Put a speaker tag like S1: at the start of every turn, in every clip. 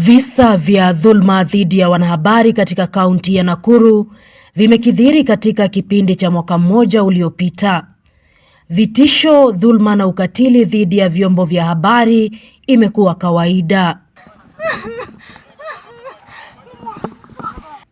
S1: Visa vya dhulma dhidi ya wanahabari katika kaunti ya Nakuru vimekithiri katika kipindi cha mwaka mmoja uliopita. Vitisho, dhulma na ukatili dhidi ya vyombo vya habari imekuwa kawaida.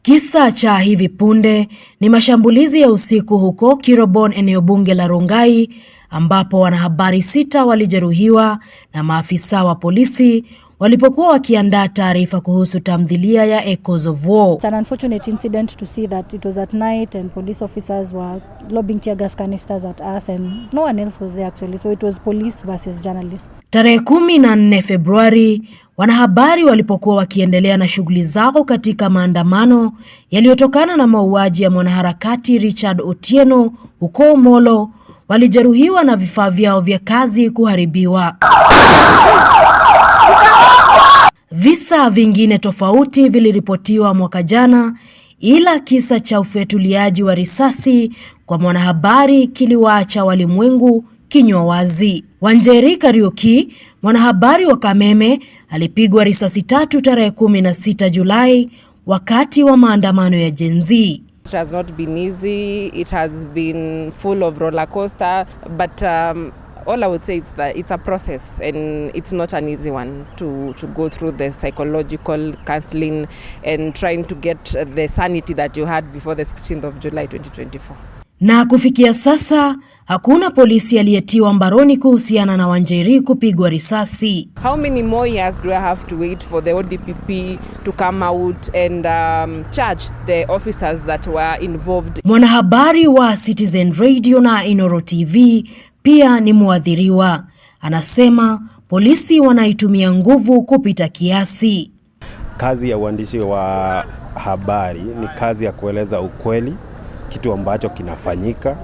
S1: Kisa cha hivi punde ni mashambulizi ya usiku huko Kirobon, eneo bunge la Rongai, ambapo wanahabari sita walijeruhiwa na maafisa wa polisi walipokuwa wakiandaa taarifa kuhusu tamdhilia ya Echoes of War.
S2: It's an unfortunate incident to see that it was at night and police officers were lobbing tear gas canisters at us and no one else was there actually so it was police versus journalists.
S1: Tarehe kumi na nne Februari wanahabari walipokuwa wakiendelea na shughuli zao katika maandamano yaliyotokana na mauaji ya mwanaharakati Richard Otieno huko Molo walijeruhiwa na vifaa vyao vya kazi kuharibiwa. Visa vingine tofauti viliripotiwa mwaka jana, ila kisa cha ufyatuliaji wa risasi kwa mwanahabari kiliwaacha walimwengu kinywa wazi. Wanjeri Kariuki, mwanahabari wa Kameme, alipigwa risasi tatu tarehe 16 Julai wakati wa maandamano ya Gen Z.
S3: It has not been easy. It has been full of roller coaster, but, um all I would say is that it's a process and it's not an easy one to, to go through the psychological counseling and trying to get the sanity that you had before the 16th of July 2024.
S1: Na kufikia sasa hakuna polisi aliyetiwa mbaroni kuhusiana na Wanjeri kupigwa risasi.
S3: How many more years do I have to wait for the ODPP to come out and um, charge the officers that were involved?
S1: Mwanahabari wa Citizen Radio na Inoro TV pia ni mwathiriwa. Anasema polisi wanaitumia nguvu kupita kiasi.
S4: Kazi ya uandishi wa habari ni kazi ya kueleza ukweli, kitu ambacho kinafanyika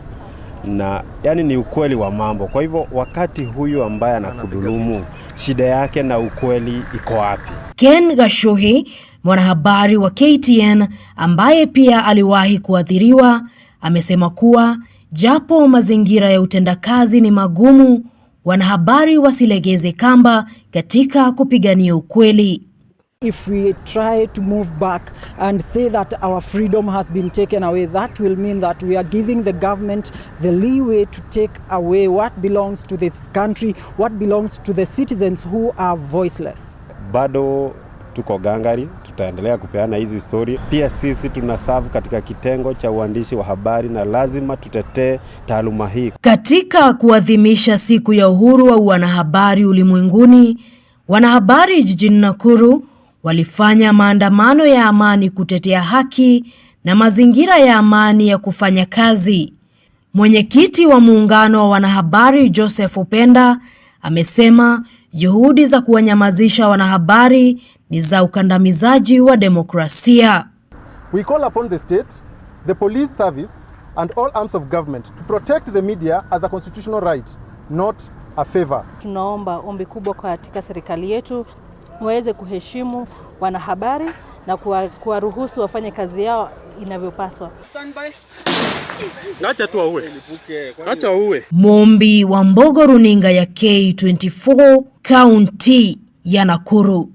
S4: na yani ni ukweli wa mambo. Kwa hivyo wakati huyu ambaye anakudhulumu, shida yake na ukweli iko wapi?
S1: Ken Gashuhi, mwanahabari wa KTN ambaye pia aliwahi kuathiriwa, amesema kuwa Japo mazingira ya utendakazi ni magumu, wanahabari wasilegeze kamba katika kupigania ukweli.
S5: If we try to move back and say that our freedom has been taken away, that will mean that we are giving the government the leeway to take away what belongs to this country, what belongs to the citizens who are voiceless.
S4: Bado tuko gangari tutaendelea kupeana hizi stori. Pia sisi tuna serve katika kitengo cha uandishi wa habari na lazima tutetee taaluma hii.
S1: Katika kuadhimisha siku ya uhuru wa wanahabari ulimwenguni, wanahabari jijini Nakuru walifanya maandamano ya amani kutetea haki na mazingira ya amani ya kufanya kazi. Mwenyekiti wa muungano wa wanahabari Joseph Upenda amesema juhudi za kuwanyamazisha wanahabari ni za ukandamizaji wa demokrasia.
S6: We call upon the state, the police service and all arms of government to protect the media as a constitutional right, not a favor.
S7: Tunaomba ombi kubwa katika serikali yetu waweze kuheshimu wanahabari na kuwaruhusu wafanye kazi yao inavyopaswa.
S8: tu auwe. auwe.
S1: Mombi wa Mbogo, runinga ya K24, kaunti ya Nakuru.